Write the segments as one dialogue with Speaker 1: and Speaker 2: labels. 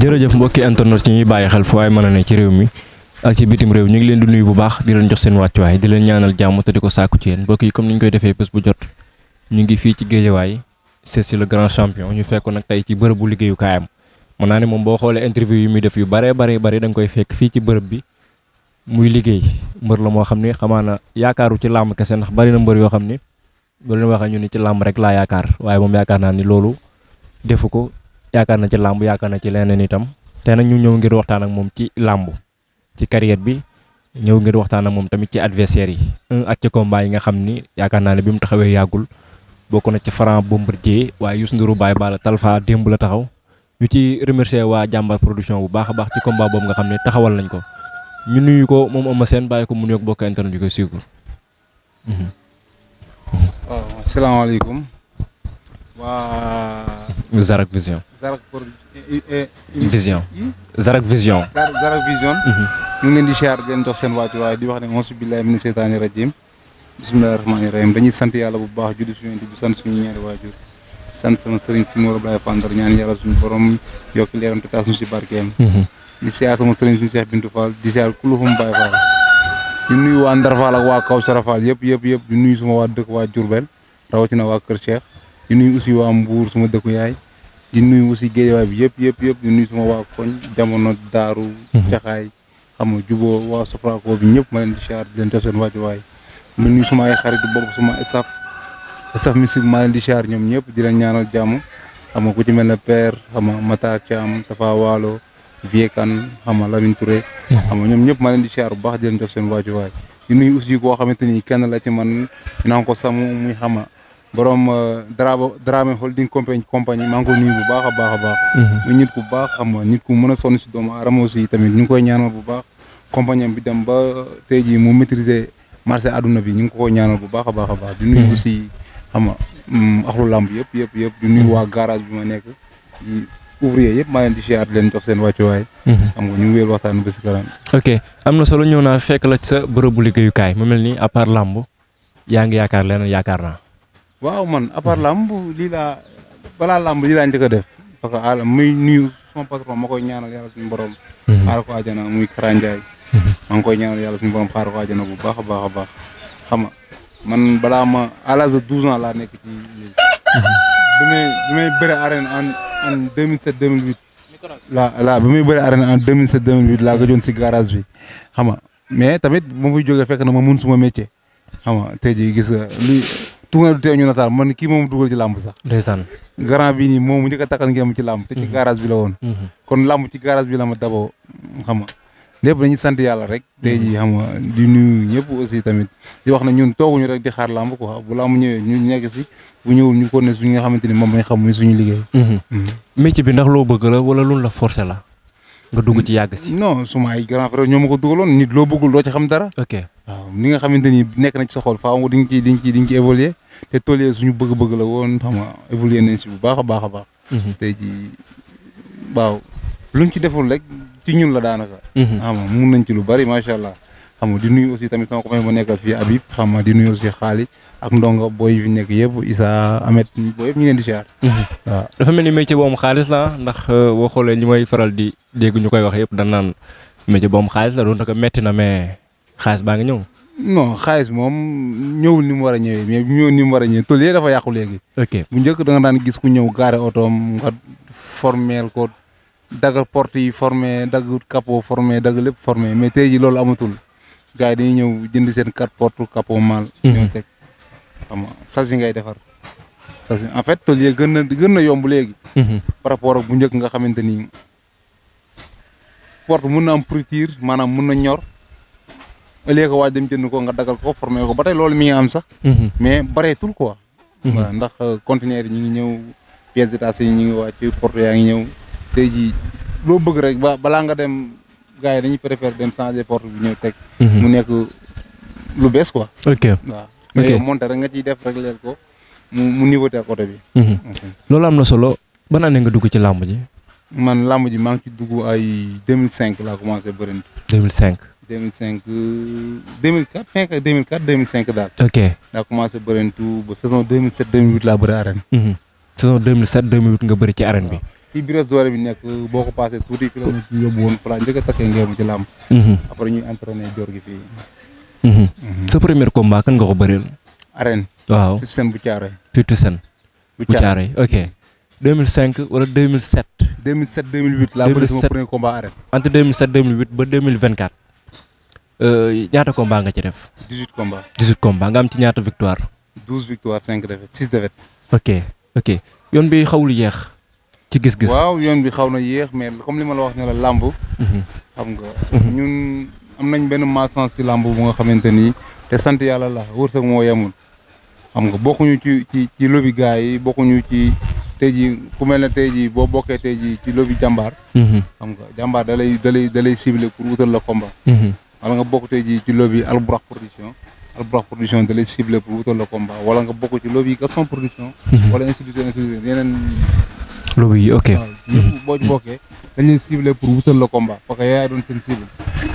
Speaker 1: jërëjëf mbokki internet ci ñuy bàyyi xel fu waaye mën a ne ci réew mi ak ci bitim réew ñu ngi leen di nuyu bu baax di leen jox seen wàccuwaay di leen ñaanal jàmm te di ko sàkku ci yéen mbokk yi comme ni ñu koy defee bés bu jot ñu ngi fii ci géejawaay c'est si le grand champion ñu fekk nag tey ci bërëbu liggéeyukaayam mën naa ne moom boo xoolee interview yi muy def yu bare bare bare da koy fekk fii ci bërëb bi muy liggéey mbër la moo xam ni xamaana yaakaaru ci làmb kese ndax bari na mbër yoo xam ni bu leen waxee ñu ni ci làmb rek laa yaakaar waaye moom yaakaar naa ni loolu defu ko yaakaar na ci làmb yaakaar na ci leneen itam te nag ñu ñëw ngir waxtaan ak moom ci làmb ci carrière bi ñëw ngir waxtaan ak moom tamit ci adversaire yi un ak ci combat yi nga xam ni yaakaar naa ne bi mu taxawee yàggul bokk na ci Franc Bombardier waaye yus nduru Baye bala Talfa démb la taxaw ñu ci remercier waa jàmbar production bu baax a baax ci combat boobu nga xam ne taxawal nañ ko ñu nuyu ko mom Eumeu sen baye ko mu nuyoog bokk internet yu koy suivre.
Speaker 2: Mhm. assalamu alaykum wa Zarak Vision. Zarak pour eh, eh, eh, Vision. Zarak Vision. Zarak Vision. Mhm. ñu ngi di siyaar gën dox sen waatu way di wax ne mosu billahi min seytaani rajim bismillahi rahmaani rahim dañuy sant yalla bu baax julli suñu di sant suñu ñaari wajur sant sama serigne si Mor Ablaye Fandar ñaan yalla suñu borom yokk leeram te taas ñu si barkeem. Mhm di siyaar sama sëriñ suñu Cheikh pintu fal di siyaar kulufum Baye fal di nuyu waa fal aku akau waa fal Fall yëpp yëpp yëpp di nuyu suma waa dëkk waa Diourbel rawatina waa Kër Cheikh di nuyu aussi usi Mbour suma dëkku yaay di nuyu aussi géejawaay bi yëpp yëpp yëpp di nuyu mhm. aku waa main jamono daru cakai bi di siyaar di leen def seen semua di nuyu suma ay xarit bopp suma staff mi di siyaar ñoom ñëpp di nyano ñaanal kamu xam mana per ci mata père xam Tafa walo Vieux Kane xam nga Lamine Touré. xam nga ñoom ñëpp ma leen di siyaar bu baax di leen def seen waaj di nuyu aussi koo xamante ni kenn la ci man dinaa ko sam muy xama borom euh, Drame Dramé holding compagnie compagnie maa ngi ko nuyu bu baax a baax a baax. Mhm. muy ku baax xam nga nit ku mën a sonn si doomu aadama aussi tamit ñu ngi koy ñaanal bu baax compagnie bi dem ba te jii mu maîtriser marché àdduna bi ñu ngi ko koy ñaanal bu baax a baax a baax. di nuyu mhm. aussi xam nga mm, axlu làmb yëpp yëpp yëpp di nuyu waa garage bi ma nekk. ouvrier yépp maa leen di siyaar leen jox seen wàccuwaay. Mhm. xam nga ñu ngi wéyal waxtaan bi si kanam.
Speaker 1: ok am na solo ñëw naa fekk la ci sa bërëbu liggéeyukaay mu mel ni à part lamb yaa ngi yaakaar leneen yaakaar naa.
Speaker 2: waaw man à part lamb lii laa balaa lamb lii laa njëkk a def parce que alam muy nuyu sama patron ma koy ñaanal yàlla suñu borom. xaar mhm. ko àjjana muy karanjaay. Mhm. maa ngi koy ñaanal yàlla suñu borom xaar ko àjjana bu baax a baax a baax xam nga man balaa ma à l'âge de 12 ans laa nekk ci. bi may bi may bëre arène en en 2007 2008. la la bi muy bëre arène en 2007 2008 laa ko joon si garage bi xam nga mais tamit bu ma fiy jógee fekk na ma mun suma métier xam nga tey jii gis nga lii tuuma du tee ñu nataal man kii moom dugal ci làmb sax. ndeysaan grand bii nii moom mu njëkk a takkal ngeen ci làmb. te ci mhm. garage bi la woon. Mhm. kon làmb ci garage bi la ma daboo xam nga. lépp dañuy sant yàlla rek tey ji xam nga di nuyu ñëpp aussi tamit di wax na ñun tooguñu rek di xaar làmb quoi bu làmb ñëwee ñu nekk si bu ñëwul ñu ko ne suñu nga xamante ni moom lañ xam muy suñu liggéey mhm. Mhm. métier bi ndax loo bëgg la wala loolu la forcé la nga dugg ci yàgg si non suma ay grand frère ñoo ma ko dugaloon nit loo bëggul doo ci xam dara ok waaw ni nga xamante ni nekk na ci sa xol faaw nga di nga ci di nga ci di nga ci évoluer te tollee suñu bëgg-bëgg la woon xam nga évoluer nañ si bu baax a baax a baax mhm. tey ji waaw luñ ci deful rek ci la daanaka. xam mhm. nga ah, mun nañ ci lu bari macha allah. xam nga di nuyu aussi tamit sama copain bu nekkal fii Habib xam nga di nuyu aussi Xaalis ak ndongo booy fi nekk yëpp Issa Ahmed booy yëpp ñu leen di siyaar. Mhm. dafa
Speaker 1: mel ni métier bu xaalis la ndax euh, boo xoolee ñi may faral di dégg ñu koy wax yëpp dañ naan métier bu am xaalis la doon naka metti na mais xaalis baa ngi ñëw.
Speaker 2: non xaalis moom ñëwul ni mu war a ñëwee mais ñëwul ni mu war a ñëwee tool yee dafa yàqu léegi. ok bu njëkk da nga daan gis ku ñëw gaare otoom nga formeel dagg porte yi formé dagg capot formé dagg lépp formé mais tey ji loolu amatul gars yi ñëw jënd seen quatre porte capot mal mhm. ñëw xam nga sas yi ngay defar sas yi en fait tool yi gën na gën na yomb léegi mhm. par rapport ak bu njëkk nga xamante ni porte mun na am pourriture maanaam mun na ñor ëllëg ko waaj dem jënd ko nga dagal ko formé ko ba tey loolu mi ngi am sax mhm. mais bareetul quoi waaw ndax conteneur yi ñu ñëw pièces détachées yi ñu ngi wàcc porte yaa ngi ñëw teji lo bëgg rek ba bala nga dem gaay dañuy préfère dem changer porte bi ñëw tek mu nekk lu bees quoi. ok wa ok monter rek nga ci def rek leer ko mu mu niveau ak côté bi.
Speaker 1: lolu am na solo ban année nga dugg ci lamb ji.
Speaker 2: man lamb ji maa ngi ci dugg ay 2005 la commencé bëri.
Speaker 1: 2005.
Speaker 2: 2005 2004 2004 2005 dal ok da commencé beurentou ba saison 2007 2008 la bëri arène.
Speaker 1: saison 2007 2008
Speaker 2: nga bëri ci arène bi. fii biir doole bi nekk boo ko passé tuuti fi ci yóbbu a takkee ngeen ci làmb. Mhm. après ñuy entraîné joor gi
Speaker 1: mhm. Mhm. sa premier combat kan nga ko bëreel. arène. waaw bu Thiaroye. Fifty Cent bu Thiaroye ok. 2005 wala 2007. 2007 ba euh, ñaata combat nga ci def. 18 am ci ñaata victoire.
Speaker 2: 12 victoire 5 défaites 6 défaites. ok
Speaker 1: ok yoon bi xawul yeex.
Speaker 2: ci gis-gis waaw yoon bi xaw na yéex mais comme li ma la wax ne la làmb mhm. xam nga ñun am nañ benn malchance ci làmb bu nga xamante nii te sant yàlla la wërsëg moo yemul xam nga bokkuñu ci ci ci lobi gars yi bokkuñu ci tey jii ku mel ne tey jii boo bokkee tey jii ci lobi jàmbaar mhm. xam nga jàmbaar da lay da da lay ciblé pour wutal la komba mhm. wala nga bokk tey jii ci lobi alburax production alburax production da lay ciblé pour nga bokk ci lobi gaston production wala institut lobby yi ok. Mhm. boo ci bokkee dañ leen pour wutal la combat parce yaay doon seen cible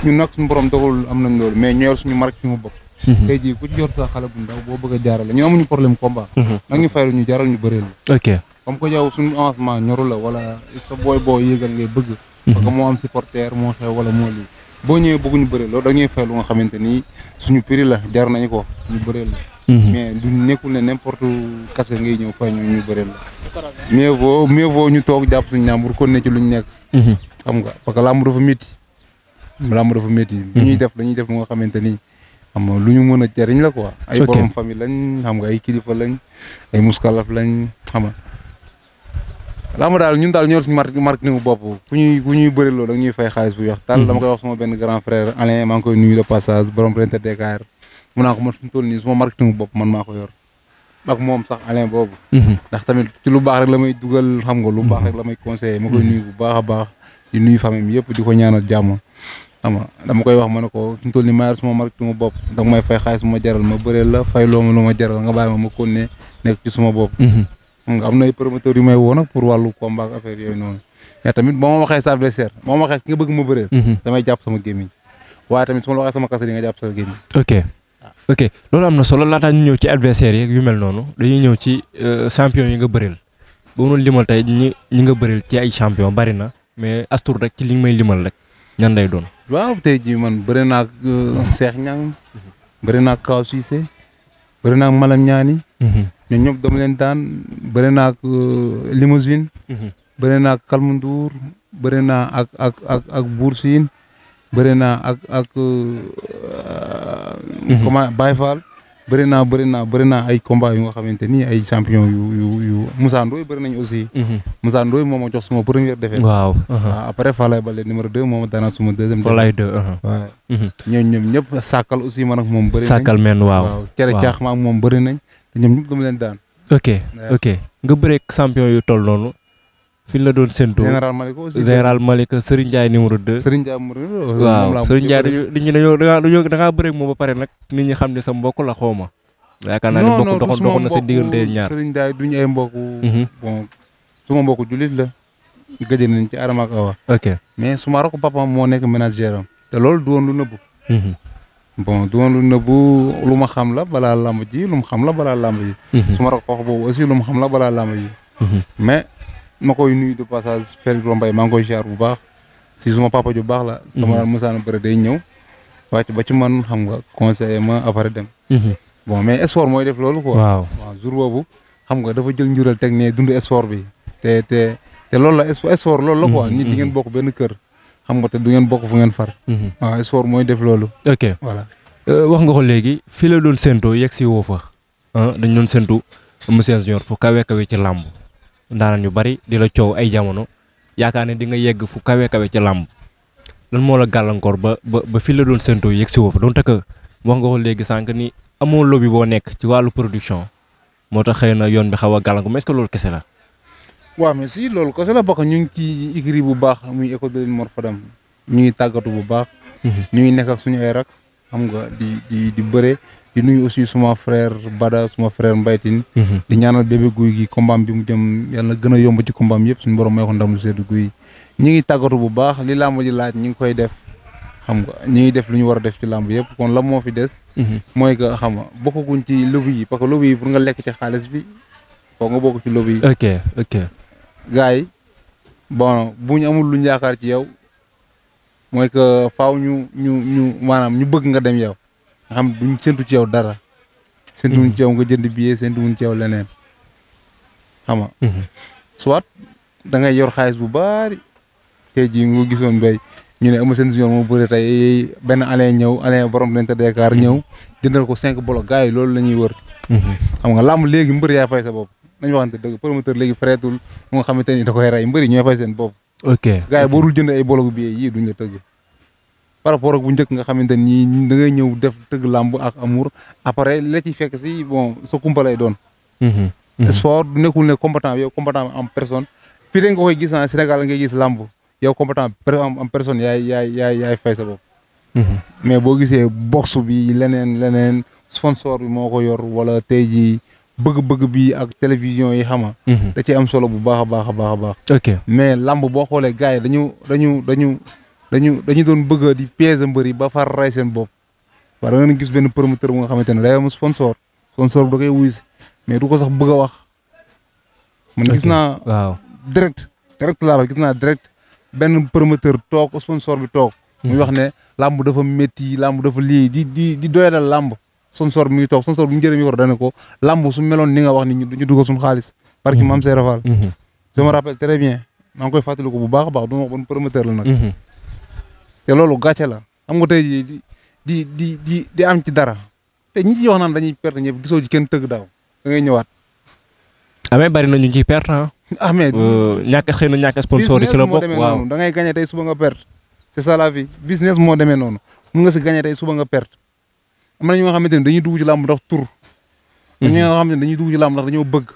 Speaker 2: ñun nag suñu borom dogalul am nañ loolu mais ñooy suñu marque suñu bopp. Mhm. tey jii ku ci yor xale bu ndaw boo bëgg a jaarale ñu amuñu problème combat. Mhm. nag ñu fayal ñu jaaral ñu bëree la. ok comme que yow suñu avancement ñoru la wala sa booy boo yéegal ngay bëgg. parce que moo am supporter moo xew wala moo lii boo ñëwee bëgguñu bëree loolu dañuy fay lu nga xamante ni suñu prix la jar nañu ko ñu bëree la. Mhm. mais du nekkul ne n'importe kase ngay ñëw fay ñu ñu bëri la. mieux vaut mieux vaut ñu toog jàpp suñu ñaam pour ne ci luñ nekk. Mhm. xam nga parce que làmb dafa métti. làmb dafa métti. Mhm. lu ñuy def dañuy def mu nga xamante ni xam nga lu ñu mën a jariñ la quoi. ay borom xam nga ay kilifa lañ ay daal ñun daal ñoo suñu marque mu bopp fu ñuy fu ñuy bëri loolu dañuy fay xaalis bu weex. daal dama koy wax sama benn grand frère Alain maa koy nuyu de passage borom Rente Dakar. mun ko man tool ni suma marketing bop man mako yor ak mom sax Alain boobu. Mhm. ndax tamit ci lu baax rek lamay duggal xam nga lu baax rek lamay conseiller mako mhm. nuyu bu baax baax di nuyu famille yépp diko ñaanal jamm xam dama koy wax manako fu tool ni mu yor suma marketing bop dag may fay xaliss ma jaral ma bëree la fay lo ma lu jaral nga bàyyi ma ma continuer nekk ci suma bop mhm. nga am na ay promoteurs yu may woo nag pour walu combat affaire yoy non ya tamit boo ma sa blesser boo waxe nga bëgg ma bëreel. damay japp sama gemi waaye tamit su ma waxee sama kase di nga jàpp sama gémmiñ.
Speaker 1: ok Ah. ok loolu am na solo laataa ñu ñëw ci adversaire yi yu mel noonu dañuy ñëw ci euh, champion yi nga bëreel boo noonu limal tey ñi ñi nga bëreel ci ay champion bari na mais astur rek ci li may limal rek ñanday doon.
Speaker 2: waaw tey jii man bëri naa ak euh, Cheikh Niang bëri ak Kaw Cissé bëri naa ak Malam Ñaani mhm. ñoom ñëpp dama leen bëri naa ak euh, Limousine. Mhm. bëri naa ak Kalmunduur bëri naa ak ak ak ak Bour ak ak Euh, comment Baye Fall bëri naa bëri naa bëri naa ay combat yu nga xamante ni ay champion yu yu yu Moussa Ndoye bëri nañu aussi mhm. Moussa Ndoye moo a jox suma première défaite waaw uh-huh. ah, après Falaye Baldé numéro deux moo ma daanaat suma deuxième Falaye deux waaw uh-huh. mhm. ñëpp sàkkal aussi man moom bëri cere caax ma ak moom
Speaker 1: bëri nañ ñoom
Speaker 2: ñëpp dama leen daan ok ok
Speaker 1: nga bëreek champion yu toll noonu fi la doon séntoo général Malick aussi général Malick Serigne Ndiaye numéro 2. Serigne Ndiaye numéro 2. waaw Serigne Ndiaye dañu dañoo dañoo da ngaa bëre ak moom ba pare nag nit ñi xam ne sa mbokk ma.
Speaker 2: yaakaar naa ne mbokk na sa diggante ñaar ay mbokk. Mhm. suma mbokk jullit la. gëj nañ ci Arama ak Awa. ok mais suma rakk papaam moo nekk ménagère am. te loolu du nëbbu. Mhm. bon xam la balaa làmb ji lu xam la balaa làmb ji. Mhm. suma rakk wax boobu aussi lu xam la balaa làmb ji. mais ma koy nuyu de passage fel Giro Mbaye maa ngi koy bu baax si suma papa ju baax la. sama musa na bere day ñew wàcc ba ci man xam nga conseiller ma après dem. -hmm. bon mais effort moy def lolu quoi. waaw waaw jour bobu xam nga dafa jël njural tek ne dund effort bi. te te te lolu la espoir loolu la quoi. Mhm, nit di mhm. ngeen bokk ben keur xam nga te du ngeen bokk fu ngeen far. -hmm. waaw effort moy def lolu ok voilà.
Speaker 1: euh, wax nga ko legi fi la doon sento yexi wo fa hein ah, dañ doon sento monsieur Junior fu kawé kawé ci lamb ndaran yu bari di la ciow ay jamono yaakaar ne di nga yegg fu kawé kawé ci lamb lan mo la gàllankoor ba ba ba fi la doon sento yegg ci woo fa donte que wax nga ko léegi sank ni amo lobby bo nek ci walu production moo xeyna xëy yoon bi xawa a mais est-ce que kessé la.
Speaker 2: wa mais si loolu kese la bokk ñu ci igri bu baax muy école de Mor Fadam ñu bu baax. Mhm. ñu nek ak suñu ay rak xam nga di di di bëre di nuyu aussi suma frère Bada suma frère mbaytin mhm. di ñaanal bébé guuy gi combat bi mu dem yalla gëna yomb ci combat yépp suñu borom may ko ndam lu seddu guuy ñi ngi tagatu bu baax li lamb ji laaj ñi ngi koy def xam nga ñi ngi def lu ñu war def ci lamb yépp kon la mo fi dess mhm. moy que xam nga bokku guñ ci lobby yi parce que lobby pour nga lek ci xaalis bi ko nga bokku ci lobby ok ok gaay bon buñ amul lu ñu ci yow moy que faaw ñu ñu ñu manam ñu bëgg nga dem yow nga xam duñ séntu ci dara. séntu wuñ ci yow nga jënd billet séntu wuñ ci leneen xam nga. Mhm. soit da ngay yor xaalis bu baari tey jii nga gisoon mbay ñu ne ama seen si mu moo bëri tey benn Alain ñëw Alain borom dañ ko Dakar mhm. ñëw jëndal ko cinq bloc gars yi loolu la ñuy wër. Mhm. xam nga làmb léegi mbër yaa fay sa bopp nañu waxante dëgg promoteur léegi freetul mu nga xamante ni da koy rey mbëri ñooy fay seen bopp. ok gars yi boorul jënd ay bloc billet yii duñ la tëgg. par rapport ak bu njëkk nga xamante ni da ngay ñëw def tëgg làmb ak amour après la ci fekk si bon sa kumpa lay doon. Mhm. Mhm. sport nekkul ne combattant bi yow combattant en personne fii de nga koy gis en Sénégal ngay gis làmb yow combattant en personne yaay yaay yaay mhm. mais boo gisee box bi leneen leneen sponsor bi moo ko yor wala tey jii bëgg-bëgg bi ak télévision yi xama da ci am solo bu baax a baax a baax a baax. ok mais làmb boo xoolee gars dañu. dañu dañu doon bëgg di piège mbeuri ba far ray seen bop ba da nga gis ben promoteur nga xamantene day sponsor sponsor da kay wuyu mais du ko sax bëgg wax. man gis na waaw direct direct la wax gis na direct ben promoteur tok sponsor bi tok mu wax ne lamb dafa metti lamb dafa li. di di di doyalal lamb sponsor mi tok sponsor bu ñu mi war dana ko lamb su meloon ni nga wax ni ñu duggu sun xaaliss barki mhm. mam sey rafal mhm. je me rappelle très bien mang koy fatelu ko bu baax baax du promoteur la nak mhm. te loolu gàcce la xam nga te jii di di di di am ci dara te ñi ci wax naan dañuy perte ñëpp gisoo ci kenn tëgg daaw da ngay ñëwaat.
Speaker 1: amee ah, bari na ñu ciy perte ah. ah mais euh, ñàkk xëy na ñàkk sponsor yi si la bokk waaw
Speaker 2: da ngay gagné tey suba nga perte. c'est ça la vie business moo demee noonu mun nga si gagné tey suba nga perte am na ñoo xamante ne dañuy dugg ci làmb ndax tur. am na ñoo ne dañuy dugg ci làmb ndax dañoo bëgg.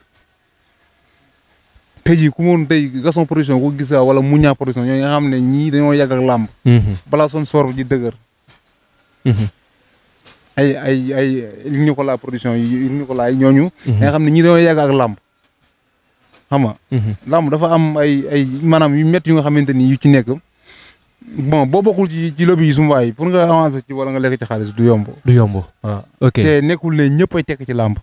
Speaker 2: tey jii ku moon tey Gaston production ko gis wala Mounia production ñooñu nga xam ne ñii dañoo yàgg ak làmb mhm. balaa son sor ji dëgër mhm. ay ay ay li ñu ko laa production yi li ñu ko laay ñooñu mhm. nga xam ne ñii dañoo yàgg ak làmb xam nga dafa am ay ay maanaam yu métti yu nga xamante ni yu ci nekk bon boo bokkul ci ci lobby yi su waay pour nga avancer ci wala nga lekk ci xaalis du yomb te nekkul ne ñëpp ay tekk ci làmb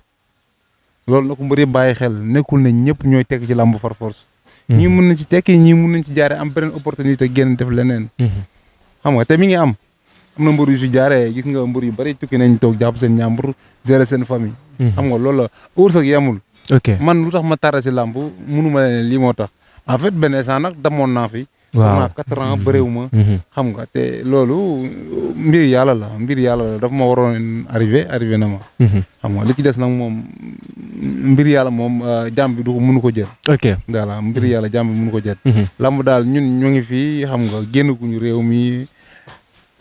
Speaker 2: loolu na ko mbër yëpp bàyyi xel nekkul ne ñëpp ñooy tekk ci làmb par force ñii mhm. mun nañ ci tekk ñii mun nañ ci jaare am beneen opportunité génn def leneen mhm. xam nga te mi ngi am am na mbër yu si jaaree gis nga mbër yu bari tukki nañ toog jàpp seen ñàmbur gérer seen famille mhm. xam nga loolu la wërsëg yemul ok man lu tax ma tara si làmb munuma leen lii moo tax en fait benn nag damoon naa fi waaw naa quatre ans bëréewu ma xam nga te loolu mbir yàlla la mbir yàlla la dafa ma waroon arrivé arrivé na ma xam nga li ci des nag moom mbir yalla mom euh, jambi du ko mënu ko jël. ok dala mbir mhm. yalla jambi bi mënu ko jël. Mhm. lamb dal ñun ñu ngi fi xam nga gennu ñu rew mi.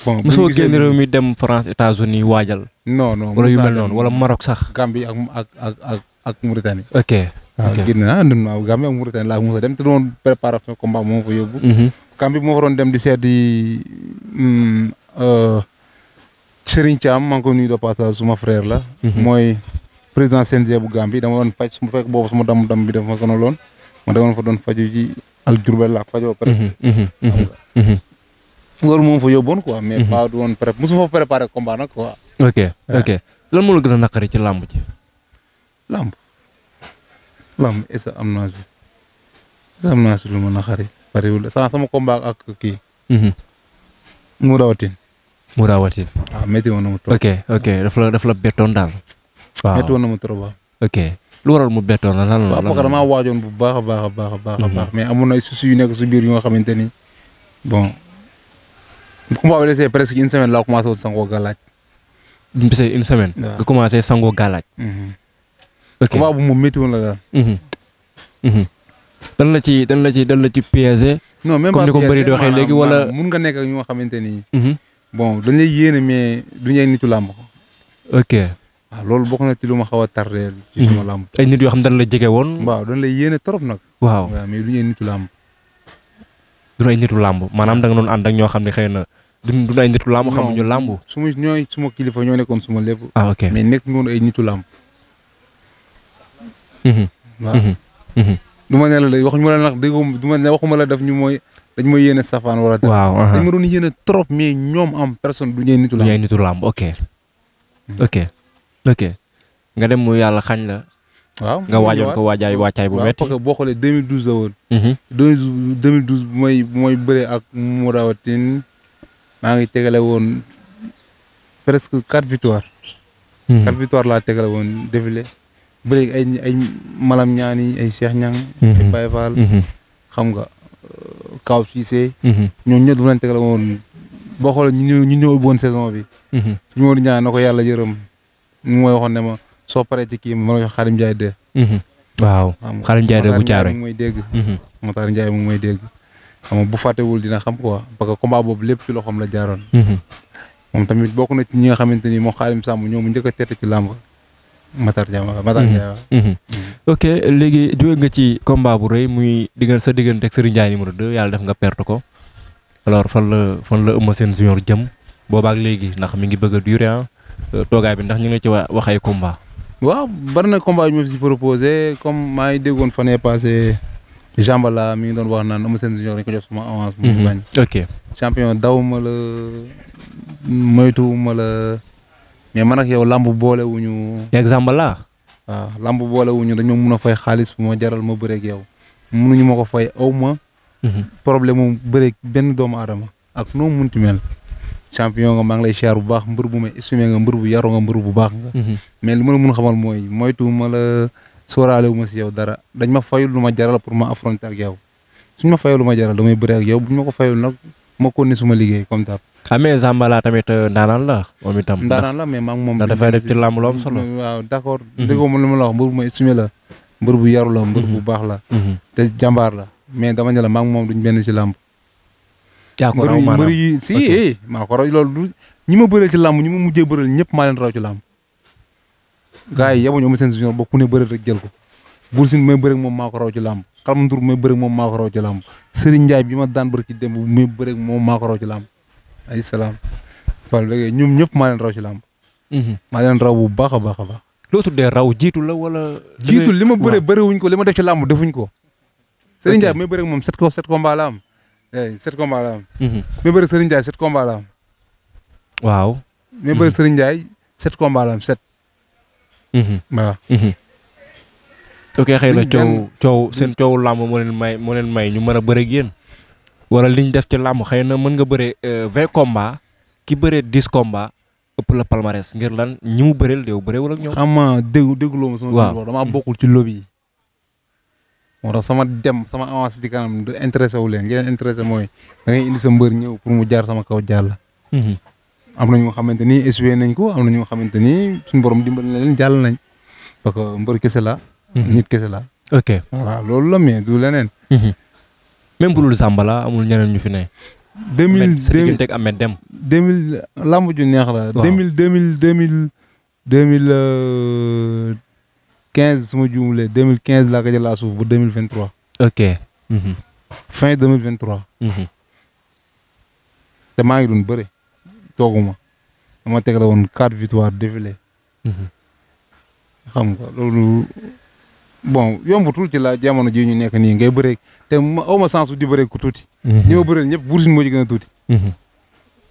Speaker 2: bon mosoo genn rew mi dem France
Speaker 1: États-Unis wajal non non wala yu mel non wala Maroc
Speaker 2: sax. gambi ak ak ak ak ak Mauritanie. ok ah, ok génn naa dem naa Gambie ak Mauritanie la mos a dem te doon préparation combat mo ko yobbu mhm. gambi mo waron dem di seeti mm, euh, Serigne Thiam maa ngi ko nuyu do passage suma frère la. mooy. président CNG bu Gambie dama doon faj su ma fekk boobu suma dam dam bi dafa ma sonaloon ma demoon doon faju ji al Diourbel laa fajoo presque mhm, mhm, mhm, loolu moom fa yóbboon quoi
Speaker 1: ok lan moo la gën a naqari ci làmb ci
Speaker 2: làmb làmb est-ce que am naa ma naqari bariwul sa sama combat ak kii mu rawatin
Speaker 1: mu rawatin ah,
Speaker 2: waaw ok
Speaker 1: ok daf la daf daal waaw métti woon na ma trop ok lu waral mu bettoon la lan la. waaw
Speaker 2: parce que bu baax baax baax a baax a baax. Mhm. mais amoon na ay yu nekk si biir yoo xamante ni bon. bu ko ma desee presque une semaine laa commencé woon sangoo galaaj.
Speaker 1: Mhm. bu mu desee une commencé sangoo galaaj.
Speaker 2: ok combat mu métti la daal. Mhm. dan la ci dan la ci dan la ci piégé. non même comme ni ko bëri di waxee léegi wala. mun nga nekk ak ñoo xamante ni. bon dañ lay yéene mais duñu ay nitu làmb. ok. lol ah, loolu bokk na ci luma xawa xaw tardé ci suma mm-hmm. làmb ay nit yo xam dañ la jege won waaw dañ lay yéné torop nak waaw mais duñu nitu làmb
Speaker 1: duñu ay nitu làmb manam da nga non and ak ño xamni xeyna duñu na ay nitu làmb ñu làmb
Speaker 2: suma ñoy suma kilifa ñoy nekkon suma lepp ah ok mais nek ngon ay nitu
Speaker 1: làmb
Speaker 3: mm-hmm. waaw mm-hmm.
Speaker 2: du ma ne la day waxuñu la nag dégg du ne waxuma la daf ñu moy dañ moy yéné safaan wala uh-huh. dañ ma doon yéné torop mais ñom am personne duñu nitu làmb du nitu làmb ok ok ok nga
Speaker 1: dem mu yàlla xañ la. waaw nga waajoon ko waajaay waacaay bu métti. parce
Speaker 2: que boo xoolee 2012 la woon. 2012 bu may bu may bëree ak mu rawatin maa ngi tegale woon presque quatre victoires. Mhm. quatre victoires laa tegale woon défilé bëri ay ay malam ñaani ay Cheikh Ñang mhm. ay Baye Fall. Mhm. xam nga euh, Kaw Cissé. ñoom ñëpp bu leen tegale woon boo xoolee ñu ñëw ñu ñëw bi. suñu woon ñaan na ko yàlla yërëm. mu may waxoon ne ma soo paree ci kii moo ma la jox Xaadim Njaay de
Speaker 1: mhm. waaw Xaadim Njaay de bu caaro mooy dégg mhm.
Speaker 2: Matar Njaay mu may dégg xam bu fàttewul dina xam quoi parce que combat boobu lépp ci loxoom la jaaroon mhm. moom tamit bokk na ci ñi nga xamante ni moo Xaadim Samb ñoo mu njëkk a ci làmb Matar Njaay waaw Matar Njaay waaw ok léegi
Speaker 1: jóge nga ci combat bu rëy muy diggan sa diggante ak Serigne Ndiaye a 2 yàlla def nga perte ko alors fan la fan la Eumeu Sène junior jëm boobaak léegi ndax mi ngi bëgg a durer ah. toogaay bi ndax ñu ngi ci wax ay combat
Speaker 2: waaw bari na combat yu ma si proposé comme maa ngi déggoon fan yii passé Jambala mi ngi doon wax naan Eumeu Sène junior dañ ko jox sama avance. mu mhm. bañ ok champion daw ma la moytuwuma la mais man yow lamb boole wu exemple la. lamb boole wu ñu dañ mun a fay xaalis bu ma jaral ma bëreeg yow munuñu ma ko fay aw ma. Mhm. problème mu bëreeg benn doomu aadama ak noo munti mel. champion nga mang lay siyaar bu baax mbër bu me isume nga mbër bu yaro nga mbër bu baax nga mhm. mais li ma la xamal moy moytu ma la sóoraale wu ma ci yow dara dañ ma fayul luma jaral pour ma affronter ak yow suñ ma fayul luma jaral damay bëre ak yow buñ mako fayul nak ma ko ni suma liggéey comme ça amé ah, Zambala tamit euh, nanan la momi tam nanan la mais mang mom da def ci lamb lo am solo mm-hmm. waaw d'accord accord mo luma wax mbër bu may isume la mbër bu yaro la mbër bu mhm. baax la mhm. te jambar la mais dama ne la maa duñ ben ci lamb yaa ko raw maanaam mbër yi si eh, maa ko raw loolu ñi ma bëreel ci làmb ñi ma mujjee bëreel ñëpp maa leen raw ci làmb yi yabuñu ama seen junior ba ku ne bëreel rek jël ko Bour Sine may bëreeg moom maa ko raw ci làmb Xaram Ndour may bëreeg moom maa ko raw ci làmb Serigne Ndiaye bi ma daan bëri ci démb may bëreeg moom maa ko raw ci làmb ay salaam wala léegi ñoom ñëpp maa mhm. raw bu baax a baax a baax loo tuddee raw jiitu la wala jiitu li ma bëree bëriwuñ ko li ma def ci làmb defuñ ko Serigne Ndiaye may bëreeg moom set ko set ko mbaa la sept combats la am. Mhm. mi bëri Serigne Ndiaye sept combats la waaw. mi bëri mhm. Serigne Ndiaye sept combats
Speaker 3: mhm. ok xëy na coow
Speaker 1: coow seen coowu lam moo leen may moo leen may ñu man a bëre ak yéen. wala liñ def ci làmb xëy na mën nga bëre euh, vingt combats ki bëree dix combats ëpp la palmarès ngir lan ñi mu bëreel yow bëree wala ak ñoom. xam nga dégg
Speaker 2: déglu ma sama. waaw dama bokkul ci lobby yi. moo tax sama dem sama avance di kanam du intéressé wu len li leen intéressé moy da ngay indi sa mbeur ñew pour mu jaar sama kaw jàll. am na ñoo xamanteni ni nañ ko am na ñoo xamante suñu borom dimbal na len jàll nañ parce que mbeur kessé la. nit kessé la. ok voilà loolu la mais du lenen
Speaker 1: hmm même bu dul Sambala amul ñeneen ñu fi ne. 2000 mille
Speaker 2: amé Dem. 2000 lamb ju neex la. 2000 2000 2000 2000 quinze suma ma juumlee deux mille quinze la ko jël laa suuf ba deux mille vingt trois.
Speaker 1: ok. Mhm.
Speaker 2: fin deux mille vingt trois. Mhm. te maa ngi doon bëre tooguma dama teg la woon quatre victoires défilé. Mhm. xam nga loolu bon yombatul ci la jamono ji ñu nekk nii ngay bëree te ma aw ma sens di bëree ku tuuti. ñi ma bëreel ñëpp Bour moo ci gën tuuti.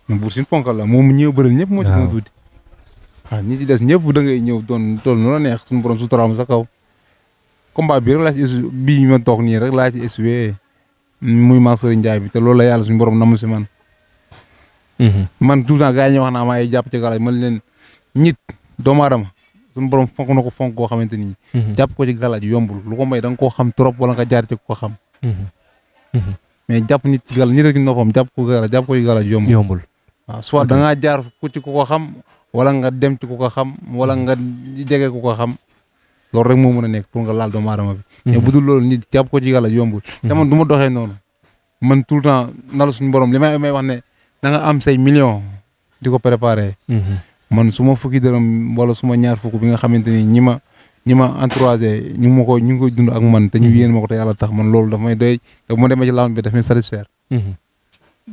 Speaker 2: Bour Sine ponkal la moom ñi ma bëreel ñëpp moo ci gën tuuti. ah ñi ci des ñëpp da ngay ñew doon tool nu la neex sun borom su suturaam sa kaw combat bi rek la ci bi ma tok ni rek la ci sw muy ma Serigne ndjay bi te loolu la yalla sun borom namu ci man. hmm man tout temps gañ wax na may japp ci galay man len nit do ma dama sun borom fonk nako fonk go xamanteni mhm. japp ko ci galaaj yombul lu ko may dang ko xam trop wala nga jaar ci ko xam. hmm mais japp nit ci galaaj ni rek noppam japp ko galaaj japp ko ci galaaj yombul. yombul wa soit da nga jaar ku ci ko xam wala nga dem ci ku ko xam wala nga jege ku ko xam loolu rek moo mën a nekk pour nga laal do aadama bi. Mhm. mais bu dul loolu nit jàpp ko ci yàlla yombul. Mhm. te man du ma man tout temps nalu suñu borom li may wax ne da nga am say million di ko préparer. Mhm. man suma fukki dërëm wala suma ñaar fukk bi nga xamante ni ñi ma ñi ma entouragé ñu ma ko ñu ngi koy dund ak man te ñu yéen ma te yàlla tax man loolu daf may doy bu ci laam bi daf may satisfaire.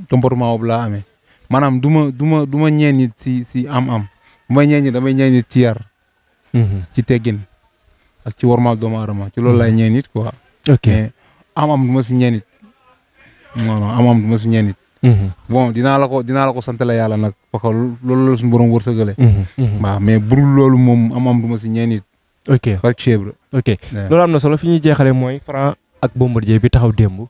Speaker 2: comportement boobu laa amee manam duma ma duma ma si si am-am ma may nit damay ñeen nit ci yar. Mhm. ci teggin ak ci wormaal doomu aadama ci lool lay quoi. ok am-am duma ci si nit non non am-am duma ci si ñeen Hmm. bon dina la ko dina la ko sante la yalla nak parce que lool lool sun borom hmm mhm. ba mais burul lool mom am-am duma ci si nit. ok ak chèvre. ok
Speaker 1: loolu am solo fiñu jéxalé moy ak Bombardier bi taxaw dembu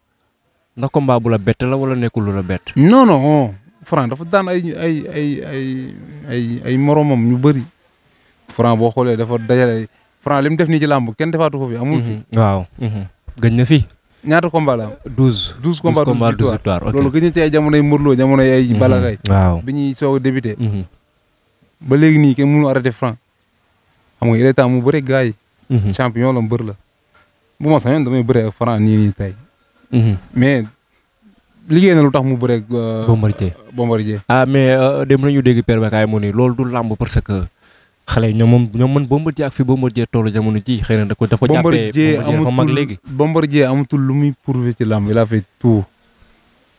Speaker 2: nakomba combat bete la wala no. lu la non non oh. Franc dafa daan ay ay ay ay ay ay moromam ñu bëri Franc boo xoolee dafa dajale Franc li mu def ni ci làmb kenn defaatu ko fi amul fi mhm.
Speaker 1: waaw mhm. gëj na fi
Speaker 2: ñaata kombala la am douze douze combat douze victoire loolu gëj na ci ay jamonoy Modou Lo jamonoy ay mhm. Balla Gaye waaw bi ñuy soog a débuté ba léegi nii kenn mënu arrêté Franc xam nga il est temps mu bëre gars yi champion la mbër la bu ma sañoon damay bëre ak Franc nii nii tey liggéey na lu tax mu bëreeg. Euh, Bombardier Bombardier. ah mais euh,
Speaker 1: dem nañu dégg Père Bakaye mu ni loolu du làmb parce que xale yi ñoom moom ñoom man ak fi Bombardier
Speaker 2: tollu jamono ji xëy na da ko dafa jàppee. Bombardier mag léegi Bombardier amatul lu muy prouver ci a fait tout.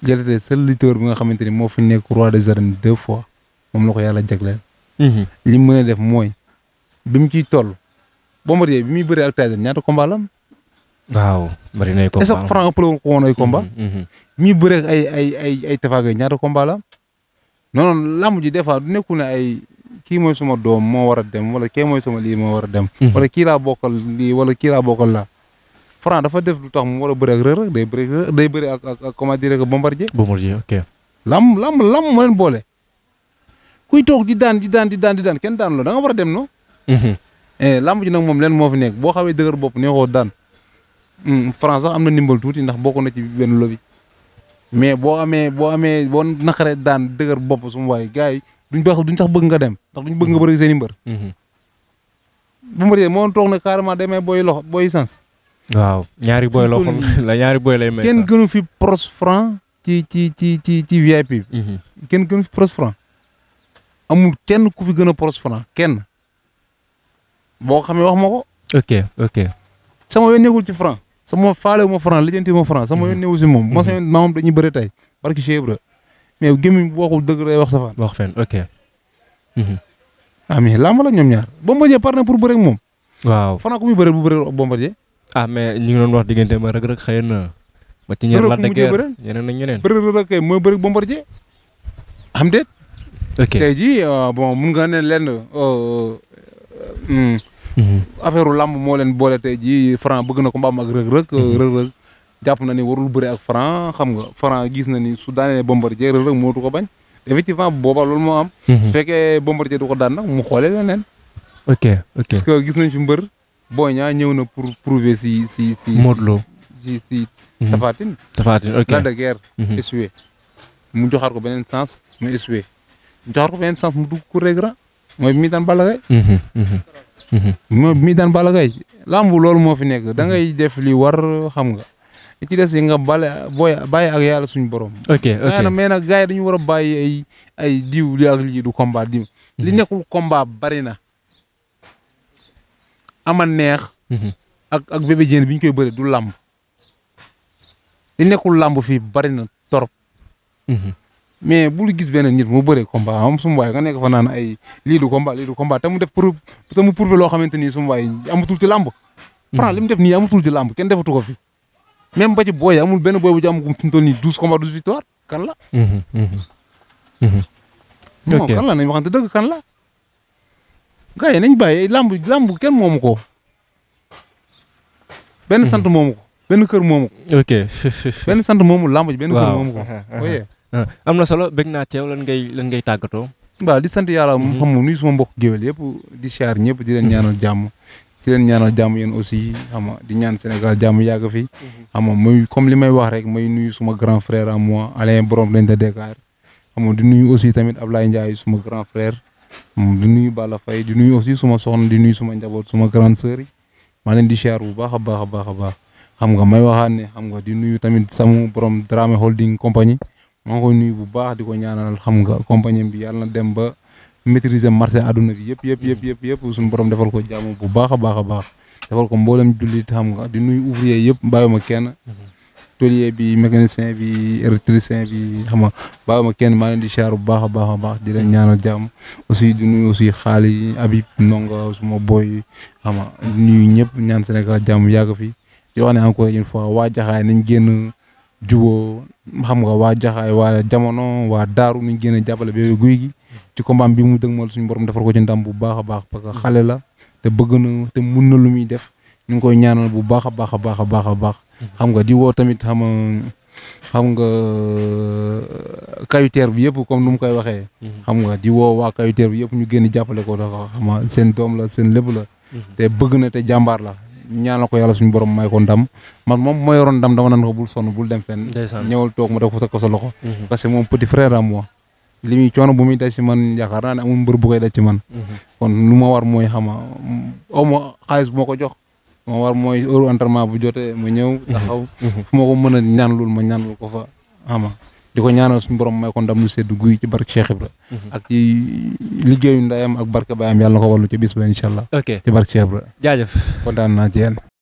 Speaker 2: jëlate seul bi nga xamante ni moo fi nekk roi des arènes deux fois moom la ko yàlla jagleel. Mhm. li mu mën a def mooy bi mu ciy toll. Bombardier bi muy bëree ak Tyson ñaata combat la waaw bari na ay combat est ce ko woon ay combat. Mm-hmm, mm-hmm. mi bëreeg ay ay ay ay tafaga ñaata combat la. non non ji des fois du nekku ne ay kii mooy suma doom moo war a dem wala kii mooy suma lii war a dem. Mm-hmm. wala kii laa bokkal lii wala kii laa bokkal dafa def lu tax mu war a bëri ak Reug Reug day bëri day bëri ak ak comment dire que Bombardier. Bombardier ok. lamb lamb lamb moo boole. kuy toog di daan di daan di daan di daan kenn daan loo da war a dem no eh, lamb ji nag moom leen moo fi nekk boo xawee dëgër bopp neexoo daan. Hmm, France sax am na ndimbal tuuti ndax bokk na ci benn lobi mais boo amee boo amee boo naqaree daan dëgër bopp su waaye waay gars yi duñ baax duñ sax bëgg nga dem ndax duñ bëgg nga bëri seen i mhm. bu ma dee moo toog ne carrément demee booy loxo booy sans
Speaker 1: waaw ñaari booy loxo la ñaari booy lay may kenn
Speaker 2: gënu fi pros franc ci ci ci ci ci VIP. Mhm. kenn gënu fi pros franc. amul kenn ku fi gën a pros franc kenn. boo xamee wax ma ko.
Speaker 1: ok ok.
Speaker 2: sama yoon nekkul ci franc. sama faale wu ma franc lijjanti ma franc sama yoon néew moom. ma seen maamam dañuy bëri tey barki chèvre mais gémmiñ bu waxul dëgg lay wax safaan. wax fen ok. Mhm. ah mais làmb la ñoom ñaar Bombardier par na pour bëre moom.
Speaker 1: waaw franc ku muy bëre bu bëre Bombardier. ah mais ñu ngi doon wax diggante ma rëgg-rëgg xëy na. ba ci ñeent la de guerre ñeneen ñeneen. bëre
Speaker 2: rëgg kay mooy bëre xam déet. ok euh, bon mun nga affaire làmb moo leen boole te ji Franc bëgg na ko mbaam ak rëg-rëg rëg mhm. jàpp na ni warul bëre ak Franc xam nga Franc gis na ni su daanee Bombardier rëg-rëg moo du ko bañ effectivement booba loolu moo am mhm. su fekkee Bombardier du ko daan nag mu xoolee leneen ok ok que gis nañ fi mbër boo Niang ñëw na pour prouver si si si Modou Lo si si mhm. Tapha Tine Tapha Tine ok Lac de Guiers essuie mu joxaat ko beneen sens mu essuie mu joxaat ko beneen sens mu dugg ko rëg-rëg mooy bi muy daan Balla Gaye mhm, mhm, mhm. mooy bi muy daan Balla Gaye lambu loolu moo fi nekk dangay ngay def li war xam nga li ci des yi nga bale booy bàyyi ak yàlla suñu borom. ma ok na mais nag gars dañu war a bàyyi ay ay diw li ak lii du combat di li nekkul combat bari na ama neex. ak ak bébé jéen bi ñu koy bëri du làmb li nekkul làmb fii bari na torop. mais bul gis ben nit mu beure combat am sum way waay nga nekk fa naan ay li du combat li du combat tamou def pour tamou mu lo xamanteni sum way su amatul ci lamb Franc hmm. lim def ni amatul ci lamb ken defatu ko fi même ba ci boy amul ben boy bu ci am fi mu toll nii combat 12 victoire kan la. hmm, hmm, hmm kan la nañ waxante deug kan la. gay nañ baye lamb lamb ken moomu ko. benn sant moomu ko benn kër moomu ko. ok ben sante moomu lamb ben keur kër moomu ko. am
Speaker 1: solo bek na teew lan ngay lan ngay tagato
Speaker 2: ba di sante yalla mu mhm. xam nuy suma mbokk géwél yep di xiar ñep di len ñaanal jamm di len ñaanal jamm yeen aussi xam di ñaan senegal jamm yag fi. xam nga comme li wax rek may nuyu suma grand frère à moi Alain Borom len de Dakar. xam di nuyu aussi tamit Ablaye Ndiaye suma grand frère. di nuyu bala fay di nuyu aussi suma soxna di nuyu suma njabot suma grande sœur yi. ma len di xiar bu baax a baax a baax xam nga may waxane xam nga di nuyu tamit samu borom Dramé holding compagnie ma ngi nuyu bu baax diko ñaanal xam nga compagnie bi yalla na dem ba maîtriser marché aduna bi yëpp yëpp yëpp yëpp yëpp suñu borom defal ko jàmm bu baax a baax baax defal ko mbolam julit xam nga di nuyu ouvrier yëpp bayuma kenn tolier bi mécanicien bi électricien bi xam nga bayuma kenn ma leen di xaar bu baax a baax baax di leen ñaanal jàmm aussi di nuyu aussi xali yi Habib Ndonga suma boy xam nga nuyu ñëpp ñaan Sénégal jàmm yag fi di wax ne encore une fois wa jaxay nañu genn juboo xam nga waa jaxaay waa jamono waa daaru mi génn gën a jàppale bébé guy gi ci combat bi mu dëgmal suñu borom defar ko ci ndam bu baax a baax parce que xale la te bëgg na te mun na lu muy def nu ngi koy ñaanal bu baax a baax a baax a baax a baax xam nga di woo tamit xam xam nga euh, kayiteer bi yëpp comme nu mu koy waxee xam nga di woo waa kayiteer bi yëpp ñu génn jàppale ko dafa xam seen doom la seen lépp la mm-hmm. te bëgg na te jàmbaar la ñaan ñaanal ko yàlla suñu borom may kon ndam man moom mooy yoroon ndam dama nan ko bul sonn bul dem fenn ñëwal toog ma def ko teg ko sa loxo mhm. parce que moom petit frère am moi li muy coono bu muy daj ci man yaakaar naa ne amul mbër bu mhm. kon lu ma war mooy xama aw ma xaalis bu ko jox ma war mooy heure entraînement bu jotee ma ñëw taxaw mhm. fu ma ko mën a ñaan lul ma ñaan lul ko fa xama di ko ñaanal suñu borom may ko ndam lu sedd ci barke Cheikh Ibra mhm. ak ci liggéeyu ndayam ak barke baayam yàlla na ko wallu ci bis ba incha allah. ok ci barke Cheikh Ibra. jaajëf kontaan naa ci yéen.